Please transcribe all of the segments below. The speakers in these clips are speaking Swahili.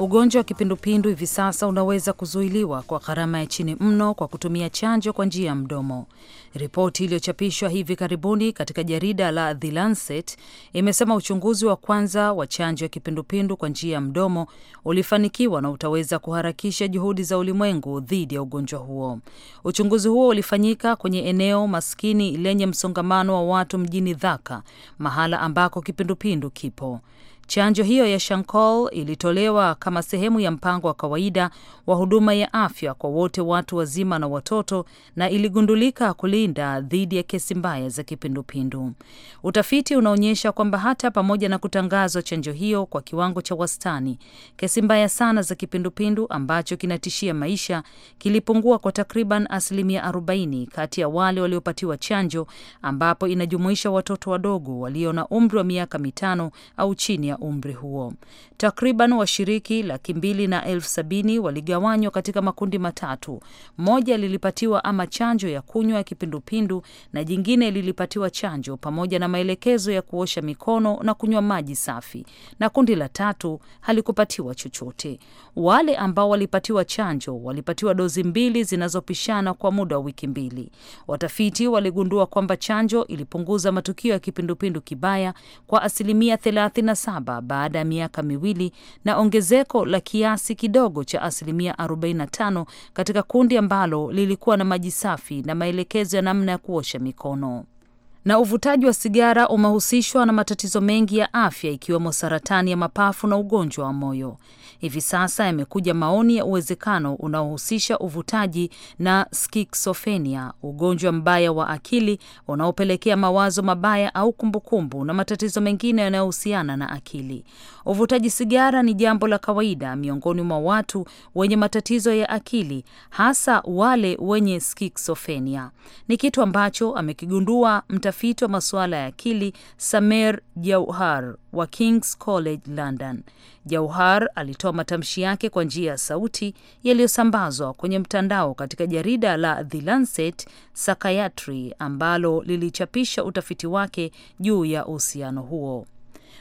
Ugonjwa wa kipindupindu hivi sasa unaweza kuzuiliwa kwa gharama ya chini mno kwa kutumia chanjo kwa njia ya mdomo. Ripoti iliyochapishwa hivi karibuni katika jarida la The Lancet imesema uchunguzi wa kwanza wa chanjo ya kipindupindu kwa njia ya mdomo ulifanikiwa na utaweza kuharakisha juhudi za ulimwengu dhidi ya ugonjwa huo. Uchunguzi huo ulifanyika kwenye eneo maskini lenye msongamano wa watu mjini Dhaka, mahala ambako kipindupindu kipo. Chanjo hiyo ya Shankol ilitolewa kama sehemu ya mpango wa kawaida wa huduma ya afya kwa wote watu wazima na watoto na iligundulika kulinda dhidi ya kesi mbaya za kipindupindu. Utafiti unaonyesha kwamba hata pamoja na kutangazwa chanjo hiyo kwa kiwango cha wastani, kesi mbaya sana za kipindupindu ambacho kinatishia maisha kilipungua kwa takriban asilimia 40 kati ya wale waliopatiwa chanjo, ambapo inajumuisha watoto wadogo walio na umri wa miaka mitano au chini ya umri huo. Takriban washiriki laki mbili na elfu sabini waligawanywa katika makundi matatu. Moja lilipatiwa ama chanjo ya kunywa ya kipindupindu na jingine lilipatiwa chanjo pamoja na maelekezo ya kuosha mikono na kunywa maji safi, na kundi la tatu halikupatiwa chochote. Wale ambao walipatiwa chanjo walipatiwa dozi mbili zinazopishana kwa muda wa wiki mbili. Watafiti waligundua kwamba chanjo ilipunguza matukio ya kipindupindu kibaya kwa asilimia 37 saba baada ya miaka miwili na ongezeko la kiasi kidogo cha asilimia 45 katika kundi ambalo lilikuwa na maji safi na maelekezo ya namna ya kuosha mikono na uvutaji wa sigara umehusishwa na matatizo mengi ya afya ikiwemo saratani ya mapafu na ugonjwa wa moyo hivi sasa yamekuja maoni ya uwezekano unaohusisha uvutaji na skisofenia, ugonjwa mbaya wa akili unaopelekea mawazo mabaya au kumbukumbu na matatizo mengine yanayohusiana na akili. Uvutaji sigara ni jambo la kawaida miongoni mwa watu wenye matatizo ya akili, hasa wale wenye skisofenia. Ni kitu ambacho amekigundua mtafiti wa masuala ya akili Samer Jauhar wa King's College London. Jauhar alitoa matamshi yake kwa njia ya sauti yaliyosambazwa kwenye mtandao katika jarida la The Lancet Psychiatry ambalo lilichapisha utafiti wake juu ya uhusiano huo.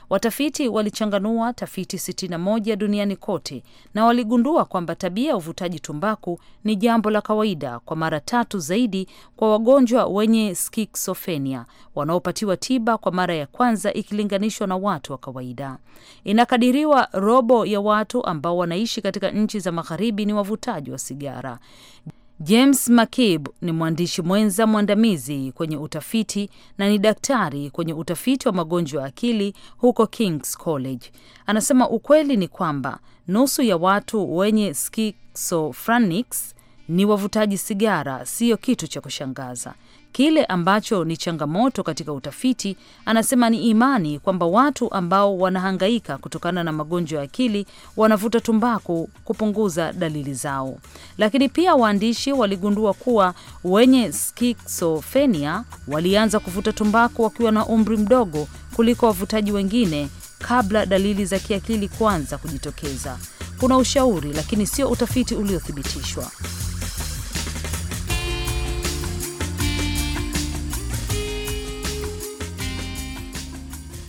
Watafiti walichanganua tafiti 61 duniani kote na waligundua kwamba tabia ya uvutaji tumbaku ni jambo la kawaida kwa mara tatu zaidi kwa wagonjwa wenye skisofrenia wanaopatiwa tiba kwa mara ya kwanza ikilinganishwa na watu wa kawaida. Inakadiriwa robo ya watu ambao wanaishi katika nchi za magharibi ni wavutaji wa sigara. James McCabe ni mwandishi mwenza mwandamizi kwenye utafiti na ni daktari kwenye utafiti wa magonjwa ya akili huko King's College. Anasema ukweli ni kwamba nusu ya watu wenye schizophrenics ni wavutaji sigara, siyo kitu cha kushangaza. Kile ambacho ni changamoto katika utafiti, anasema ni imani kwamba watu ambao wanahangaika kutokana na magonjwa ya akili wanavuta tumbaku kupunguza dalili zao. Lakini pia waandishi waligundua kuwa wenye skizofrenia walianza kuvuta tumbaku wakiwa na umri mdogo kuliko wavutaji wengine kabla dalili za kiakili kuanza kujitokeza. Kuna ushauri lakini sio utafiti uliothibitishwa.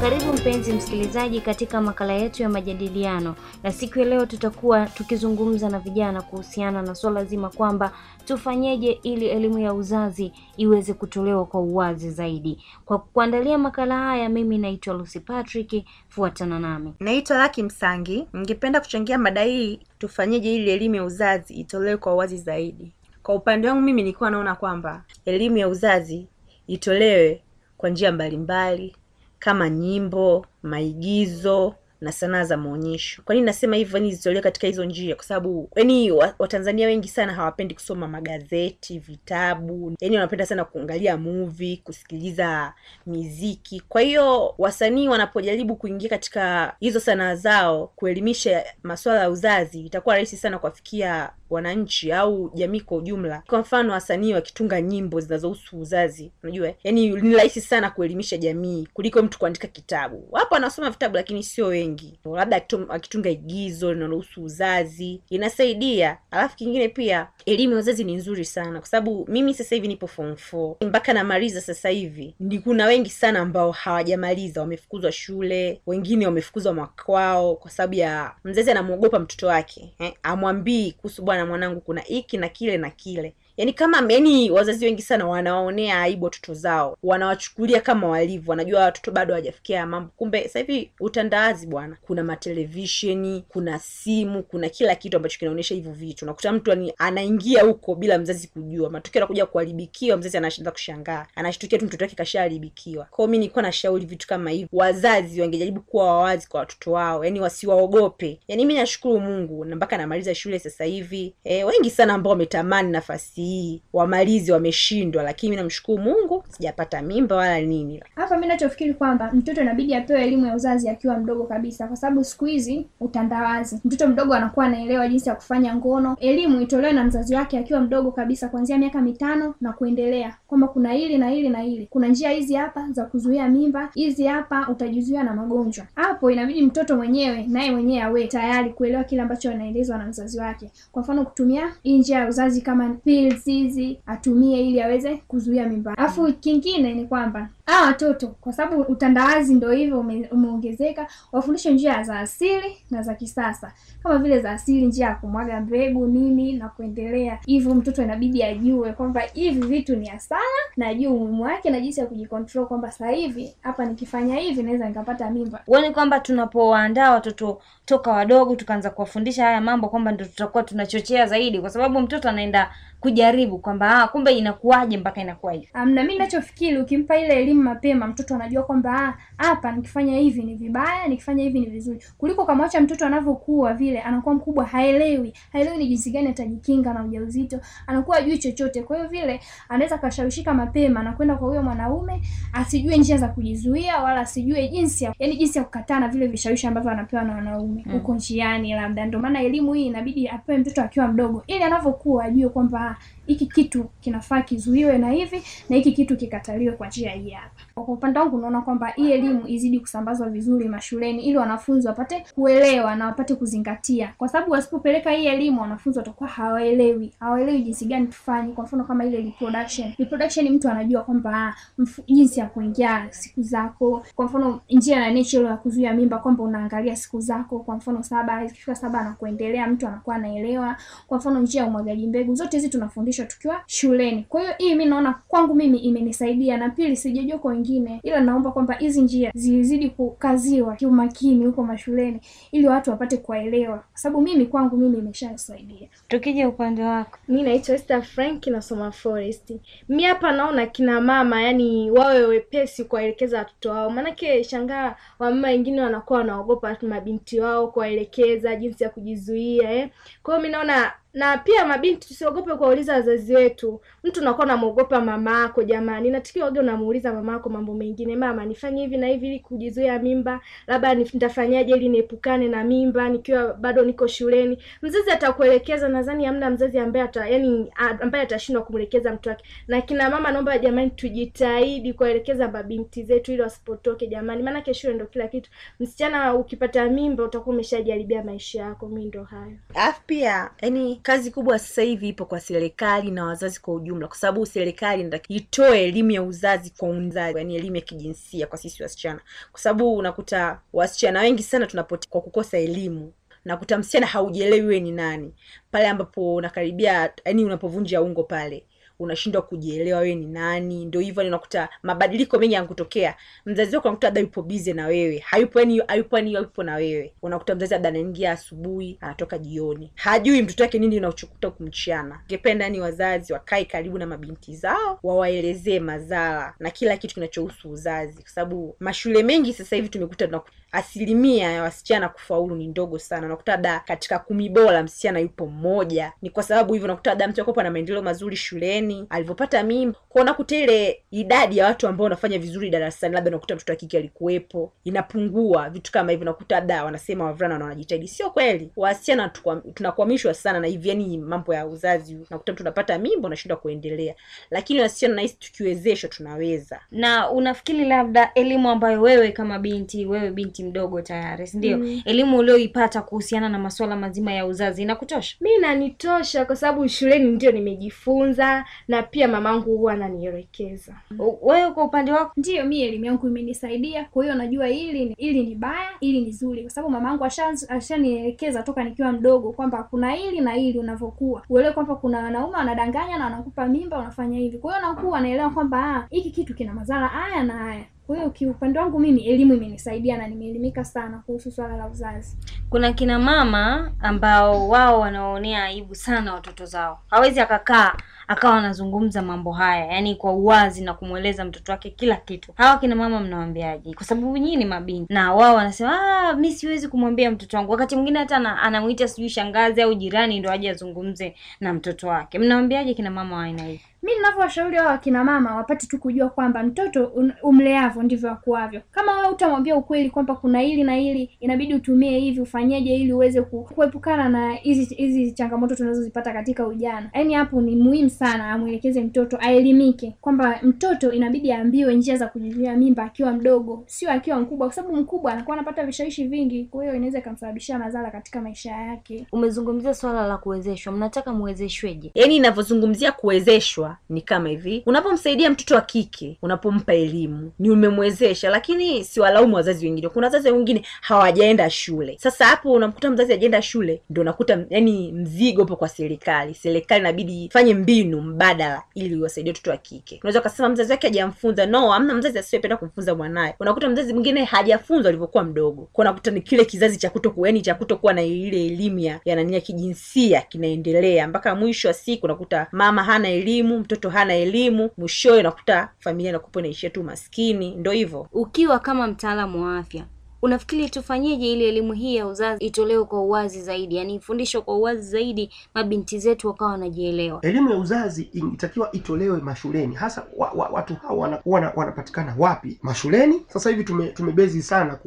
Karibu mpenzi msikilizaji katika makala yetu ya majadiliano, na siku ya leo tutakuwa tukizungumza na vijana kuhusiana na swala zima kwamba tufanyeje ili elimu ya uzazi iweze kutolewa kwa uwazi zaidi. Kwa kuandalia makala haya, mimi naitwa Lucy Patrick, fuatana nami. Naitwa Laki Msangi. Ningependa kuchangia mada hii, tufanyeje ili elimu ya uzazi itolewe kwa uwazi zaidi. Kwa upande wangu mimi nilikuwa naona kwamba elimu ya uzazi itolewe kwa njia mbalimbali kama nyimbo, maigizo na sanaa za maonyesho. Kwa nini nasema hivyo? ni yaani zilitolewa katika hizo njia, kwa sababu yani Watanzania wengi sana hawapendi kusoma magazeti, vitabu, yani wanapenda sana kuangalia movie, kusikiliza miziki. Kwa hiyo wasanii wanapojaribu kuingia katika hizo sanaa zao kuelimisha masuala ya uzazi, itakuwa rahisi sana kuwafikia wananchi au jamii kwa ujumla. Kwa mfano, wasanii wakitunga nyimbo zinazohusu uzazi, unajua yani ni rahisi sana kuelimisha jamii kuliko mtu kuandika kitabu. Wapo anasoma vitabu, lakini sio wengi. Labda akitunga igizo linalohusu uzazi inasaidia. Alafu kingine pia, elimu ya wazazi ni nzuri sana, kwa sababu mimi sasa hivi nipo form four mpaka namaliza sasa hivi, ni kuna wengi sana ambao hawajamaliza, wamefukuzwa shule, wengine wamefukuzwa mwakwao kwa sababu ya mzazi anamwogopa mtoto wake eh, amwambii kuhusu bwana mwanangu kuna hiki na kile na kile yani kama yani wazazi wengi sana wanawaonea aibu watoto zao wanawachukulia kama walivyo wanajua watoto bado hawajafikia mambo kumbe sasa hivi utandawazi bwana kuna matelevisheni kuna simu kuna kila kitu ambacho kinaonyesha hivyo vitu unakuta mtu anaingia huko bila mzazi kujua matokeo anakuja kuharibikiwa mzazi anashanza kushangaa anashtukia tu mtoto wake kashaharibikiwa kwao mi nilikuwa nashauri vitu kama hivyo wazazi wangejaribu kuwa wawazi kwa watoto wao yani wasiwaogope yani mi nashukuru mungu na mpaka namaliza shule sasa hivi e, wengi sana ambao wametamani nafasi hii wamalizi wameshindwa, lakini mi namshukuru Mungu sijapata mimba wala nini. Hapa mi nachofikiri kwamba mtoto inabidi apewe elimu ya uzazi akiwa mdogo kabisa, kwa sababu siku hizi utandawazi, mtoto mdogo anakuwa anaelewa jinsi ya kufanya ngono. Elimu itolewe na mzazi wake akiwa mdogo kabisa, kuanzia miaka mitano na kuendelea, kwamba kuna hili na hili na hili, kuna njia hizi hapa za kuzuia mimba, hizi hapa utajizuia na magonjwa. Hapo inabidi mtoto mwenyewe naye mwenyewe awe tayari kuelewa kile ambacho anaelezwa na mzazi wake, kwa mfano kutumia hii njia ya uzazi kama pili pills atumie ili aweze kuzuia mimba. Alafu kingine ni kwamba hawa watoto, kwa sababu utandawazi ndio hivyo umeongezeka, wafundishwe njia za asili na za kisasa, kama vile za asili, njia ya kumwaga mbegu nini na kuendelea hivyo. Mtoto inabidi ajue kwamba hivi vitu ni hasara na ajue umuhimu wake na jinsi ya kujikontrol, kwamba sasa hivi hapa nikifanya hivi naweza nikapata mimba. Huoni yaani kwamba tunapowaandaa watoto toka wadogo tukaanza kuwafundisha haya mambo, kwamba ndo tutakuwa tunachochea zaidi, kwa sababu mtoto anaenda kujaribu kwamba ah, kumbe inakuwaje mpaka inakuwa hivi. Um, na mimi ninachofikiri ukimpa ile elimu mapema, mtoto anajua kwamba ah, hapa nikifanya hivi ni vibaya, nikifanya hivi ni vizuri, kuliko kama acha mtoto anavyokuwa vile, anakuwa mkubwa, haelewi haelewi ni jinsi gani atajikinga na ujauzito, anakuwa ajui chochote. Kwa hiyo vile anaweza kashawishika mapema na kwenda kwa huyo mwanaume, asijue njia za kujizuia wala asijue jinsi ya, yani jinsi ya kukatana vile vishawishi ambavyo anapewa na wanaume. Mm. huko njiani labda. Ndio maana elimu hii inabidi apewe mtoto akiwa mdogo, ili anavyokuwa ajue kwamba hiki kitu kinafaa kizuiwe na hivi na hiki kitu kikataliwe kwa njia hii hapa. Kwa upande wangu, naona kwamba hii elimu izidi kusambazwa vizuri mashuleni ili wanafunzi wapate kuelewa na wapate kuzingatia, kwa sababu wasipopeleka hii elimu wanafunzi watakuwa hawaelewi, hawaelewi jinsi gani tufanye. Kwa mfano kama ile reproduction, reproduction mtu anajua kwamba ah, jinsi ya kuingia siku zako, kwa mfano njia ya nature ya kuzuia mimba, kwamba unaangalia siku zako, kwa mfano saba, ikifika saba na kuendelea, mtu anakuwa anaelewa. Kwa mfano njia ya umwagaji mbegu, zote hizi tunafundishwa kufundishwa tukiwa shuleni. Kwa hiyo hii mi naona kwangu mimi imenisaidia, na pili sijajua kwa wengine, ila naomba kwamba hizi njia zizidi kukaziwa kiumakini huko mashuleni ili watu wapate kuwaelewa, kwa sababu mimi kwangu mimi imeshasaidia. Tukija upande wako, mi naitwa Esther Frank, nasoma Forest. Mi hapa naona kina mama yani wawe wepesi kuwaelekeza watoto wao, maanake shangaa wamama wengine wanakuwa wanaogopa mabinti wao kuwaelekeza jinsi ya kujizuia eh. Kwa hiyo mi naona na pia mabinti, tusiogope kuwauliza wazazi wetu. Mtu unakuwa unamwogopa mama yako, jamani, inatakiwa wage unamuuliza mama yako mambo mengine, mama, nifanye hivi na hivi ili kujizuia mimba, labda nitafanyaje ili niepukane na mimba nikiwa bado niko shuleni. Mzazi atakuelekeza, nadhani hamna mzazi ambaye ata, yani ambaye atashindwa kumwelekeza mtu wake. Na kina mama, naomba jamani, tujitahidi kuwaelekeza mabinti zetu ili wasipotoke, jamani, maanake shule ndo kila kitu. Msichana ukipata mimba utakuwa umeshajaribia maisha yako. Mi ndo hayo afu pia yani kazi kubwa sasa hivi ipo kwa serikali na wazazi kwa ujumla, kwa sababu serikali itoe elimu ya uzazi kwa uzazi, yani elimu ya kijinsia kwa sisi wasichana, kwa sababu unakuta wasichana wengi sana tunapotea kwa kukosa elimu nakuta msichana haujielewi wewe ni nani pale ambapo unakaribia, yani unapovunja ungo pale unashindwa kujielewa wewe ni nani ndio hivyo unakuta mabadiliko mengi yanakutokea mzazi wako anakuta labda yupo bize na wewe hayupo yani hayupo yani yupo na wewe unakuta mzazi labda anaingia asubuhi anatoka jioni hajui mtoto wake nini unachokuta kumchiana ngependa ni wazazi wakae karibu na mabinti zao wawaelezee mazara na kila kitu kinachohusu uzazi kwa sababu mashule mengi sasa hivi tumekuta asilimia ya wasichana kufaulu ni ndogo sana. Unakuta da katika kumi bora msichana yupo mmoja. Ni kwa sababu hivyo unakuta da mtu akopa na maendeleo mazuri shuleni, alivyopata mimba, kwa unakuta ile idadi ya watu ambao wanafanya vizuri darasani, labda unakuta mtoto wa kike alikuwepo, inapungua. Vitu kama hivyo unakuta da wanasema wavulana wana wanajitahidi, sio kweli. Wasichana tunakwamishwa sana na hivi, yani mambo ya uzazi, unakuta mtu unapata mimba unashindwa kuendelea, lakini wasichana nahisi tukiwezeshwa tunaweza. Na unafikiri labda elimu ambayo wewe kama binti, wewe binti binti mdogo tayari, sindio Mm. Elimu ulioipata kuhusiana na masuala mazima ya uzazi inakutosha? Mi nanitosha kwa sababu shuleni ndio nimejifunza na pia mamangu huwa ananielekeza. Wewe kwa upande wako? Ndio, mi elimu yangu imenisaidia, kwa hiyo najua hili hili ni baya, hili ni zuri, kwa sababu mamangu ashanielekeza toka nikiwa mdogo kwamba kuna hili na hili unavyokuwa, uelewe kwamba kuna wanaume wanadanganya na wanakupa mimba, unafanya hivi. Kwa hiyo nakuwa naelewa kwamba ah, hiki kitu kina madhara haya na haya kwa hiyo kiupande wangu mimi elimu imenisaidia na nimeelimika sana kuhusu swala la uzazi. Kuna kina mama ambao wao wanaonea aibu sana watoto zao, hawezi akakaa akawa anazungumza mambo haya yani kwa uwazi na kumweleza mtoto wake kila kitu. Hawa kina mama mnawaambiaje? Kwa sababu nyinyi ni mabinti na wao wanasema ah, mi siwezi kumwambia mtoto wangu. Wakati mwingine hata anamuita sijui shangazi au jirani ndio aje azungumze na mtoto wake. Mnawaambiaje kina mama wa aina hii? Mi ninavyowashauri wao wakina mama wapate tu kujua kwamba mtoto umleavyo ndivyo akuavyo. Kama wewe utamwambia ukweli kwamba kuna hili na hili, inabidi utumie hivi, ufanyeje ili uweze kuepukana na hizi hizi changamoto tunazozipata katika ujana, yaani hapo ni muhimu sana amwelekeze mtoto aelimike kwamba mtoto inabidi aambiwe njia za kujizuia mimba akiwa mdogo, sio akiwa mkubwa, kwa sababu mkubwa anakuwa anapata vishawishi vingi, kwa hiyo inaweza ikamsababishia madhara katika maisha yake. Umezungumzia swala la kuwezeshwa, mnataka muwezeshweje? Yaani inavyozungumzia kuwezeshwa ni kama hivi, unapomsaidia mtoto wa kike, unapompa elimu ni umemwezesha, lakini siwalaumu wazazi wengine. Kuna wazazi wengine hawajaenda shule. Sasa hapo unamkuta mzazi ajaenda shule, ndo unakuta yani mzigo upo kwa serikali. Serikali inabidi ifanye mbinu mbinu mbadala ili iwasaidie watoto wa kike. Unaweza ukasema mzazi wake hajamfunza. No, amna mzazi asiyependa kumfunza mwanaye. Unakuta mzazi mwingine hajafunzwa alivyokuwa mdogo, kwa unakuta ni kile kizazi cha kutokuwa yani cha kutokuwa na ile elimu ya yanani ya kijinsia kinaendelea mpaka mwisho wa siku, unakuta mama hana elimu, mtoto hana elimu, mwishowe unakuta familia inakupa inaishia tu maskini. Ndo hivyo. Ukiwa kama mtaalamu wa afya Unafikiri tufanyeje ili elimu hii ya uzazi itolewe kwa uwazi zaidi, yaani ifundishwe kwa uwazi zaidi, mabinti zetu wakawa wanajielewa? Elimu ya uzazi inatakiwa itolewe mashuleni, hasa wa, wa, watu hao wanakuwa wanapatikana wapi? Mashuleni. Sasa hivi tume, tumebezi sana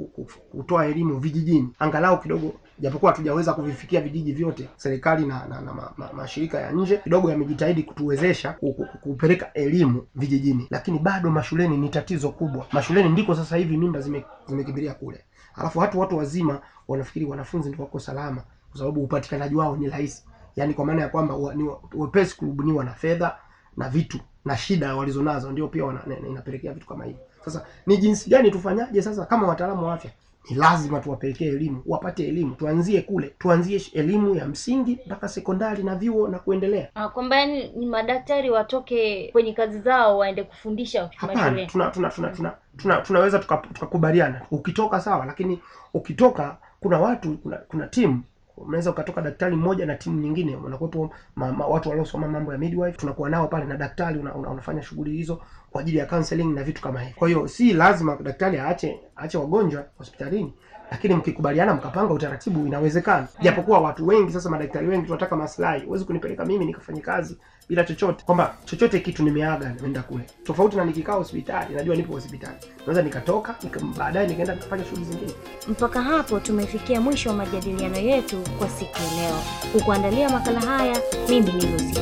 kutoa elimu vijijini, angalau kidogo japokuwa hatujaweza kuvifikia vijiji vyote, serikali na, na, na ma, ma, mashirika ya nje kidogo yamejitahidi kutuwezesha kupeleka elimu vijijini, lakini bado mashuleni ni tatizo kubwa. Mashuleni ndiko sasa hivi mimba zime, zimekimbilia kule, alafu watu watu wazima wanafikiri wanafunzi ndio wako salama, kwa sababu upatikanaji wao ni rahisi, yani kwa maana ya kwamba wepesi kurubuniwa na fedha na vitu na shida walizonazo, ndio pia wana, inapelekea vitu kama hivi. Sasa ni jinsi gani tufanyaje sasa kama wataalamu wa afya ni lazima tuwapelekee elimu, wapate elimu. Tuanzie kule, tuanzie elimu ya msingi mpaka sekondari na vyuo na kuendelea, ah, kwamba yani ni madaktari watoke kwenye kazi zao waende kufundisha. Hapana, tuna, tuna, tuna, tuna, tuna, tunaweza tukakubaliana tuka ukitoka sawa, lakini ukitoka kuna watu kuna, kuna timu unaweza ukatoka daktari mmoja na timu nyingine, wanakuwepo watu waliosoma mambo ya midwife, tunakuwa nao pale na daktari una, una, unafanya shughuli hizo kwa ajili ya counseling na vitu kama hivyo. Kwa hiyo si lazima daktari aache aache wagonjwa hospitalini, lakini mkikubaliana mkapanga utaratibu inawezekana, japokuwa watu wengi sasa, madaktari wengi tunataka maslahi. Huwezi kunipeleka mimi nikafanye kazi bila chochote, kwamba chochote kitu nimeaga naenda kule, tofauti na nikikaa hospitali, najua nipo hospitali, naweza nikatoka nika, baadaye nikaenda kufanya shughuli zingine. Mpaka hapo tumefikia mwisho wa majadiliano yetu kwa siku ya leo. Kukuandalia makala haya mimi ni Lucy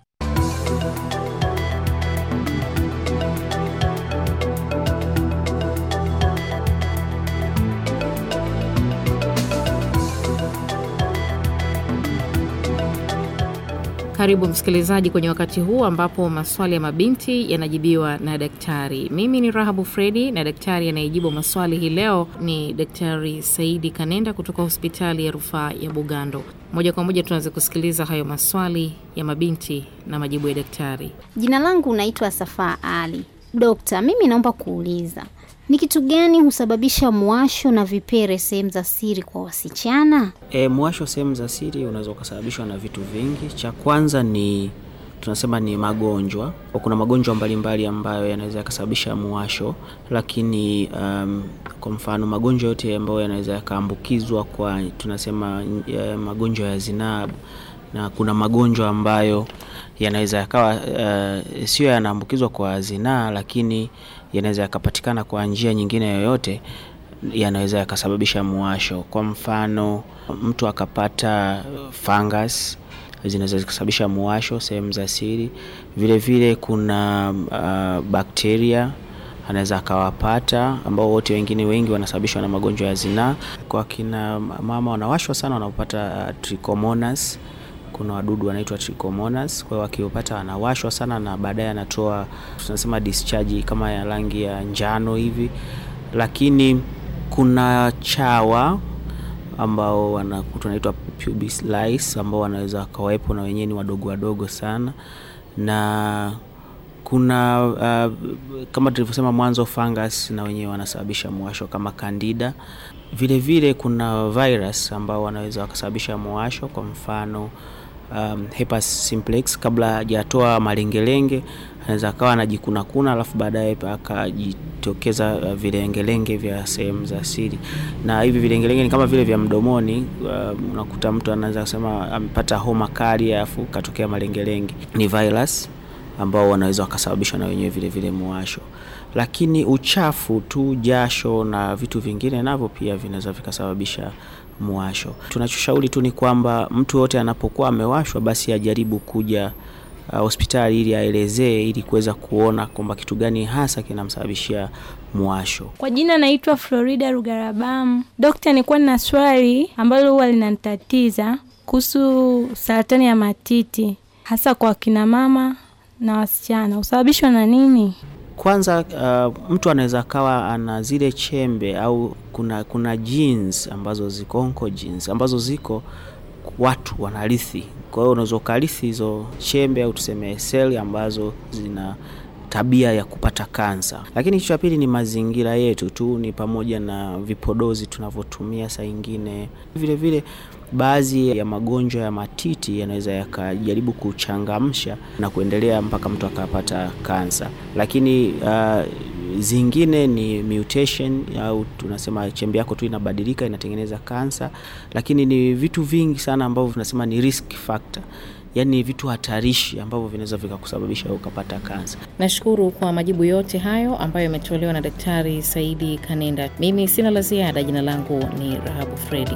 Karibu msikilizaji kwenye wakati huu ambapo maswali ya mabinti yanajibiwa na daktari. Mimi ni Rahabu Fredi na daktari anayejibu maswali hii leo ni Daktari Saidi Kanenda kutoka hospitali ya rufaa ya Bugando. Moja kwa moja tunaanza kusikiliza hayo maswali ya mabinti na majibu ya daktari. Jina langu naitwa Safaa Ali. Dokta, mimi naomba kuuliza ni kitu gani husababisha mwasho na vipere sehemu za siri kwa wasichana? E, mwasho sehemu za siri unaweza ukasababishwa na vitu vingi. Cha kwanza ni tunasema ni magonjwa. Kuna magonjwa mbalimbali ambayo yanaweza yakasababisha mwasho lakini um, kwa mfano magonjwa yote ambayo yanaweza yakaambukizwa kwa tunasema ya e, magonjwa ya zinaa, na kuna magonjwa ambayo yanaweza yakawa uh, sio yanaambukizwa kwa zinaa, lakini yanaweza yakapatikana kwa njia nyingine yoyote, yanaweza yakasababisha mwasho. Kwa mfano, mtu akapata uh, fungus zinaweza zikasababisha muwasho sehemu za siri. Vile vile kuna uh, bakteria anaweza akawapata ambao wote wengine wengi wanasababishwa na magonjwa ya zinaa. Kwa kina mama wanawashwa sana wanapopata uh, trichomonas kuna wadudu wanaitwa trichomonas, kwa hiyo wakiopata wanawashwa sana, na baadaye anatoa tunasema discharge kama ya rangi ya njano hivi. Lakini kuna chawa ambao tunaitwa pubis lice ambao wanaweza wakawepo na wenyewe ni wadogo wadogo sana, na kuna uh, kama tulivyosema mwanzo fungus na wenyewe wanasababisha mwasho kama Candida. Vilevile vile kuna virus ambao wanaweza wakasababisha mwasho, kwa mfano um, herpes simplex kabla hajatoa malengelenge anaweza akawa anajikunakuna alafu baadaye akajitokeza uh, vilengelenge vya sehemu za siri, na hivi vilengelenge ni kama vile vya mdomoni. Uh, unakuta mtu anaweza kusema amepata homa kali alafu katokea malengelenge. Ni virus ambao wanaweza wakasababishwa na wenyewe vile vile muwasho lakini uchafu tu, jasho na vitu vingine navyo pia vinaweza vikasababisha mwasho. Tunachoshauri tu ni kwamba mtu yote anapokuwa amewashwa, basi ajaribu kuja uh, hospitali ili aelezee, ili kuweza kuona kwamba kitu gani hasa kinamsababishia mwasho. Kwa jina naitwa Florida Rugarabamu. Dokta, nilikuwa na swali ambalo huwa linanitatiza kuhusu saratani ya matiti hasa kwa kina mama na wasichana, husababishwa na nini? Kwanza uh, mtu anaweza akawa ana zile chembe au kuna, kuna genes ambazo ziko onko genes ambazo ziko watu wanarithi. Kwa hiyo unaweza ukarithi hizo chembe au tuseme seli ambazo zina tabia ya kupata kansa. Lakini kitu cha pili ni mazingira yetu tu, ni pamoja na vipodozi tunavyotumia saa ingine vile baadhi ya magonjwa ya matiti yanaweza yakajaribu kuchangamsha na kuendelea mpaka mtu akapata kansa, lakini uh, zingine ni mutation au tunasema chembe yako tu inabadilika inatengeneza kansa, lakini ni vitu vingi sana ambavyo tunasema ni risk factor yaani vitu hatarishi ambavyo vinaweza vikakusababisha ukapata kansa. Nashukuru kwa majibu yote hayo ambayo yametolewa na Daktari Saidi Kanenda. Mimi sina la ziada. Jina langu ni Rahabu Fredi.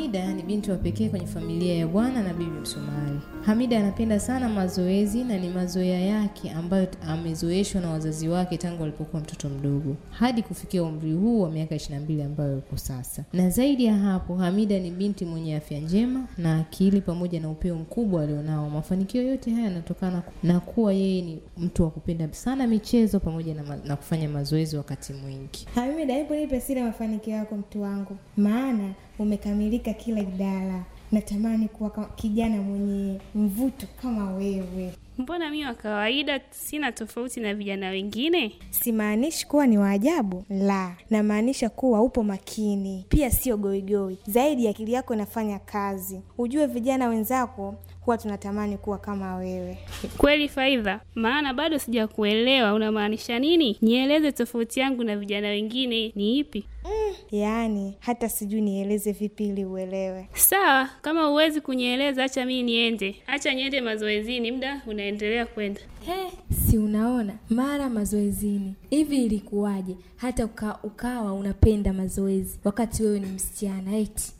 Hamida ni binti wa pekee kwenye familia ya bwana na bibi Msomali. Hamida anapenda sana mazoezi na ni mazoea yake ambayo amezoeshwa na wazazi wake tangu alipokuwa mtoto mdogo hadi kufikia umri huu wa miaka 22 ambayo yuko sasa. Na zaidi ya hapo, Hamida ni binti mwenye afya njema na akili pamoja na upeo mkubwa alionao. Mafanikio yote haya yanatokana na kuwa yeye ni mtu wa kupenda sana michezo pamoja na, ma na kufanya mazoezi wakati mwingi. Hamida, hebu nipe siri mafanikio yako mtu wangu, maana umekamilika kila idara. Natamani kuwa kijana mwenye mvuto kama wewe. Mbona mi wa kawaida, sina tofauti na vijana wengine? Simaanishi kuwa ni waajabu, la, namaanisha kuwa upo makini, pia sio goigoi. Zaidi akili yako inafanya kazi. Ujue vijana wenzako huwa tunatamani kuwa kama wewe. Kweli Faidha, maana bado sijakuelewa unamaanisha nini? Nieleze tofauti yangu na vijana wengine ni ipi? mm yaani hata sijui nieleze vipi ili uelewe. Sawa, kama huwezi kunieleza, acha mii niende, acha niende mazoezini. Muda unaendelea kwenda. He, si unaona mara mazoezini hivi, ilikuwaje hata uka, ukawa unapenda mazoezi wakati wewe ni msichana eti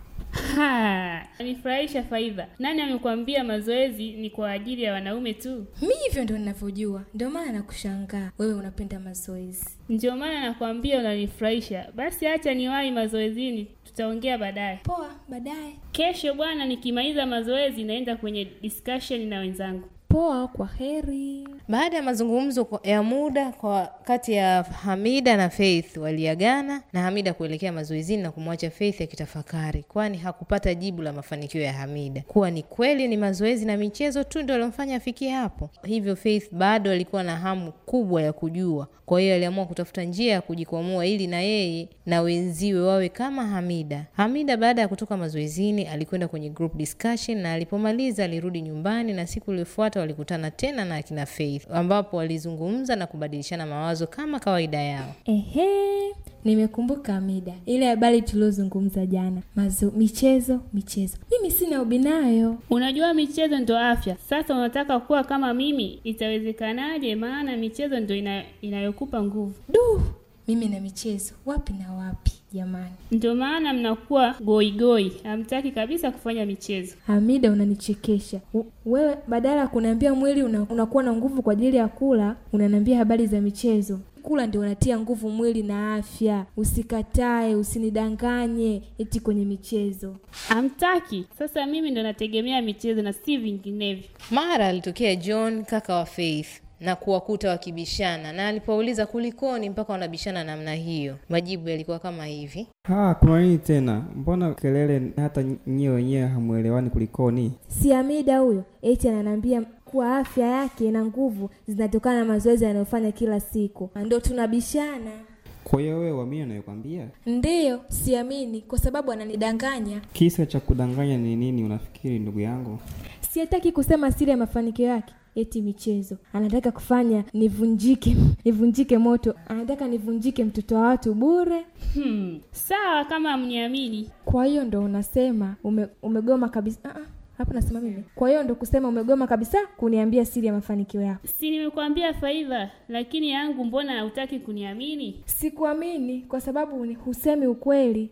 Anifurahisha Faidha, nani amekwambia mazoezi ni kwa ajili ya wanaume tu? Mi hivyo ndo ninavyojua, ndio maana nakushangaa wewe unapenda mazoezi. Ndio maana nakwambia unanifurahisha. Basi acha niwahi mazoezini, tutaongea baadaye. Poa, baadaye. Kesho bwana, nikimaliza mazoezi naenda kwenye discussion na wenzangu. Poa, kwa heri. Baada ya mazungumzo ya muda kwa kati ya Hamida na Faith, waliagana na Hamida kuelekea mazoezini na kumwacha Faith akitafakari, kwani hakupata jibu la mafanikio ya Hamida kuwa ni kweli ni mazoezi na michezo tu ndio aliomfanya afikie hapo. Hivyo Faith bado alikuwa na hamu kubwa ya kujua, kwa hiyo aliamua kutafuta njia ya kujikwamua ili na yeye na wenziwe wawe kama Hamida. Hamida baada ya kutoka mazoezini alikwenda kwenye group discussion na alipomaliza alirudi nyumbani, na siku iliyofuata walikutana tena na akina Faith. Kenneth ambapo walizungumza na kubadilishana mawazo kama kawaida yao. Ehe, nimekumbuka mida ile habari tuliozungumza jana mazo, michezo michezo, mimi sina ubinayo. Unajua michezo ndo afya. Sasa unataka kuwa kama mimi, itawezekanaje? Maana michezo ndo ina, inayokupa nguvu. Du, mimi na michezo wapi na wapi jamani. Ndio maana mnakuwa goigoi, hamtaki kabisa kufanya michezo. Hamida, unanichekesha wewe. Badala ya kuniambia mwili una, unakuwa na nguvu kwa ajili ya kula, unaniambia habari za michezo. Kula ndio unatia nguvu mwili na afya. Usikatae, usinidanganye eti kwenye michezo hamtaki. Sasa mimi ndo nategemea michezo na si vinginevyo. Mara alitokea John, kaka wa Faith na kuwakuta wakibishana, na alipouliza kulikoni mpaka wanabishana namna hiyo, majibu yalikuwa kama hivi: ah, kuna nini tena? Mbona kelele, hata nyie wenyewe hamuelewani, kulikoni? Si amida huyo, eti ananaambia kuwa afya yake na nguvu zinatokana na mazoezi yanayofanya kila siku, ndio tunabishana. Kwa hiyo wewe uamini anayokwambia? Ndiyo, siamini kwa sababu ananidanganya. Kisa cha kudanganya ni nini unafikiri, ndugu yangu? Siataki kusema siri ya mafanikio yake eti michezo, anataka kufanya nivunjike nivunjike moto, anataka nivunjike mtoto wa watu bure. Hmm, sawa kama mniamini. Kwa hiyo ndo unasema ume, umegoma kabisa? uh -uh hapo nasema mimi. Kwa hiyo ndo kusema umegoma kabisa kuniambia siri ya mafanikio yako. Si nimekuambia faida, lakini yangu, mbona hutaki kuniamini? Sikuamini kwa sababu husemi ukweli,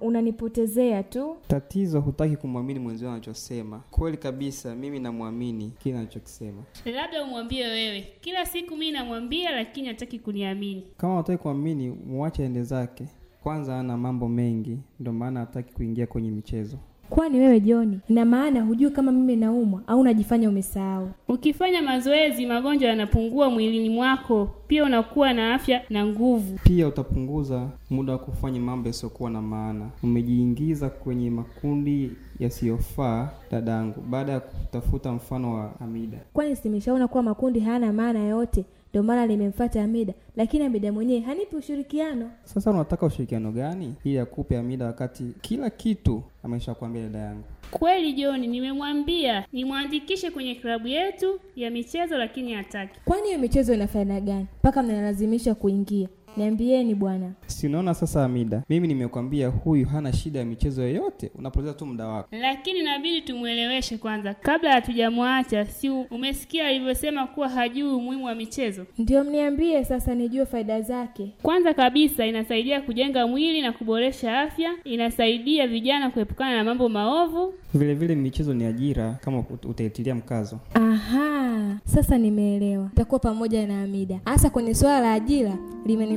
unanipotezea una tu. Tatizo hutaki kumwamini mwenzio anachosema. Kweli kabisa, mimi namwamini kila anachokisema. Labda umwambie wewe, kila siku mimi namwambia, lakini hataki kuniamini. Kama hutaki kuamini, muache ende zake. Kwanza ana mambo mengi, ndio maana hataki kuingia kwenye michezo. Kwani wewe Joni, ina maana hujui kama mimi naumwa au unajifanya umesahau? Ukifanya mazoezi, magonjwa yanapungua mwilini mwako, pia unakuwa na afya na nguvu. Pia utapunguza muda wa kufanya mambo yasiyokuwa na maana. Umejiingiza kwenye makundi yasiyofaa, dadangu, baada ya kutafuta mfano wa amida Kwani simeshaona kuwa makundi hayana maana yote, ndio maana limemfuata Amida, lakini Amida mwenyewe hanipi ushirikiano. Sasa unataka ushirikiano gani ili akupe Amida wakati kila kitu ameshakwambia dada yangu? Kweli John, nimemwambia nimwandikishe kwenye klabu yetu ya michezo, lakini hataki. Kwani hiyo michezo ina faida gani mpaka mnalazimisha kuingia? niambieni bwana. Si unaona sasa, Amida, mimi nimekwambia huyu hana shida ya michezo yoyote, unapoteza tu muda wako. Lakini inabidi tumweleweshe kwanza kabla hatujamwacha. Si umesikia alivyosema kuwa hajui umuhimu wa michezo? ndio mniambie sasa nijue faida zake. Kwanza kabisa, inasaidia kujenga mwili na kuboresha afya, inasaidia vijana kuepukana na mambo maovu. Vile vile michezo ni ajira kama utaitilia mkazo. Aha, sasa nimeelewa. Nitakuwa pamoja na Amida hasa kwenye suala la ajira limeni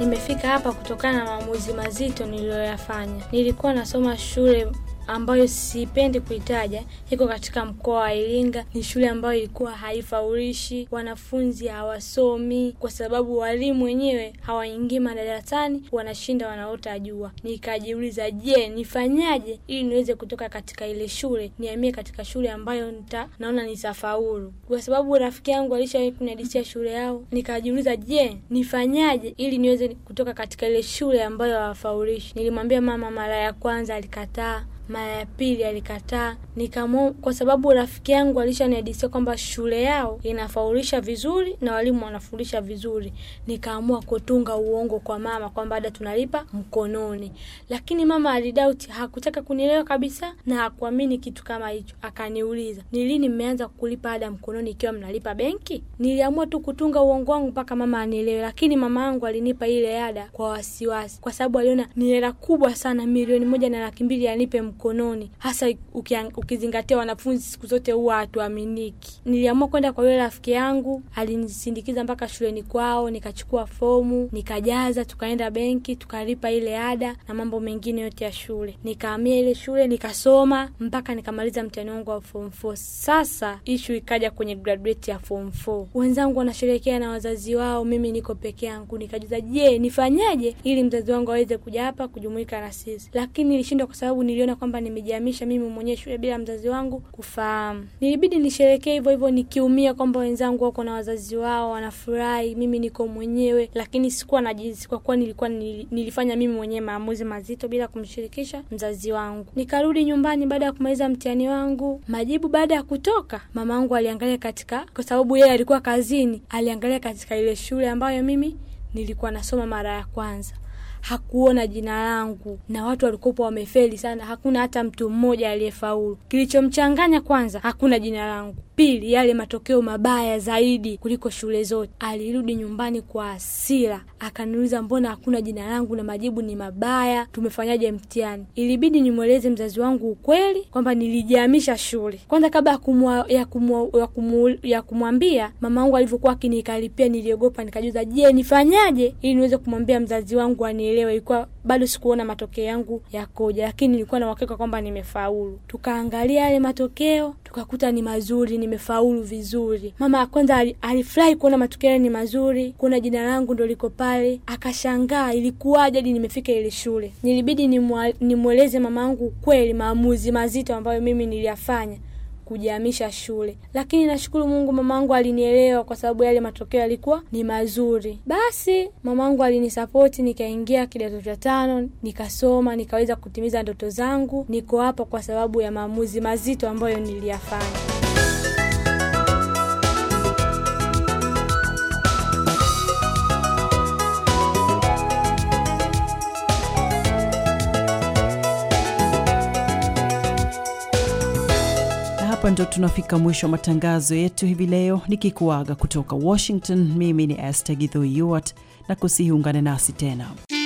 Nimefika hapa kutokana na maamuzi mazito niliyoyafanya. Nilikuwa nasoma shule ambayo sipendi kuitaja, iko katika mkoa wa Iringa. Ni shule ambayo ilikuwa haifaurishi, wanafunzi hawasomi kwa sababu walimu wenyewe hawaingii madarasani, wanashinda wanaota jua. Nikajiuliza, je, nifanyaje ili niweze kutoka katika ile shule niamie katika shule ambayo nita, naona nitafaulu, kwa sababu rafiki yangu alishawahi kunihadisia shule yao. Nikajiuliza, je, nifanyaje ili niweze kutoka katika ile shule ambayo hawafaulishi. Nilimwambia mama, mara ya kwanza alikataa mara ya pili alikataa, nikamu kwa sababu rafiki yangu alishanihadisia kwamba shule yao inafaulisha vizuri na walimu wanafundisha vizuri. Nikaamua kutunga uongo kwa mama kwamba ada tunalipa mkononi, lakini mama alidauti, hakutaka kunielewa kabisa na hakuamini kitu kama hicho. Akaniuliza, ni lini mmeanza kulipa ada mkononi ikiwa mnalipa benki? Niliamua tu kutunga uongo wangu mpaka mama anielewe, lakini mama yangu alinipa ile ada kwa wasiwasi, kwa sababu aliona ni hela kubwa sana, milioni moja na laki mbili anipe mkononi mkononi, hasa ukizingatia wanafunzi siku zote huwa hatuaminiki. Niliamua kwenda kwa yule rafiki yangu, alinisindikiza mpaka shuleni kwao, nikachukua fomu nikajaza, tukaenda benki tukalipa ile ada na mambo mengine yote ya shule. Nikahamia ile shule nikasoma mpaka nikamaliza mtihani wangu wa form 4. Sasa ishu ikaja kwenye graduate ya form 4, wenzangu wanasherehekea na wazazi wao, mimi niko peke yangu. Nikajuza, je, nifanyaje ili mzazi wangu aweze kuja hapa kujumuika na sisi, lakini nilishindwa kwa sababu niliona kwamba kwamba nimejihamisha mimi mwenyewe shule bila mzazi wangu kufahamu. Nilibidi nisherekee hivyo hivyo nikiumia kwamba wenzangu wako na wazazi wao wanafurahi, mimi niko mwenyewe, lakini sikuwa najisi kwa kuwa nilikuwa nilifanya mimi mwenyewe maamuzi mazito bila kumshirikisha mzazi wangu. Nikarudi nyumbani baada ya kumaliza mtihani wangu, majibu baada ya kutoka, mamangu aliangalia katika, kwa sababu yeye alikuwa kazini, aliangalia katika ile shule ambayo mimi nilikuwa nasoma mara ya kwanza hakuona jina langu, na watu walikopo wamefeli sana, hakuna hata mtu mmoja aliyefaulu. Kilichomchanganya kwanza, hakuna jina langu pili yale matokeo mabaya zaidi kuliko shule zote. Alirudi nyumbani kwa hasira, akaniuliza mbona hakuna jina langu na majibu ni mabaya, tumefanyaje mtihani? Ilibidi nimweleze mzazi wangu ukweli kwamba nilijihamisha shule. Kwanza kabla ya kumwa, ya kumwa, ya kumwa, ya kumwambia mama wangu alivyokuwa akinikaripia, niliogopa, nikajuza je, nifanyaje ili niweze kumwambia mzazi wangu anielewe. Ilikuwa bado sikuona matokeo yangu yakoja, lakini nilikuwa na uhakika kwamba nimefaulu. Tukaangalia yale matokeo tukakuta ni mazuri, nimefaulu vizuri. Mama kwanza alifurahi kuona matokeo ni mazuri, kuna jina langu ndo liko pale, akashangaa ilikuwaje hadi nimefika ile shule. Nilibidi nimweleze mama yangu kweli maamuzi mazito ambayo mimi niliyafanya kujihamisha shule, lakini nashukuru Mungu mamangu alinielewa kwa sababu yale matokeo yalikuwa ni mazuri. Basi mamangu alinisapoti, nikaingia kidato cha tano, nikasoma, nikaweza kutimiza ndoto zangu. Niko hapa kwa sababu ya maamuzi mazito ambayo niliyafanya. hapa ndo tunafika mwisho wa matangazo yetu hivi leo, nikikuaga kutoka Washington. Mimi ni este Githo Yuart, na kusihiungane nasi tena.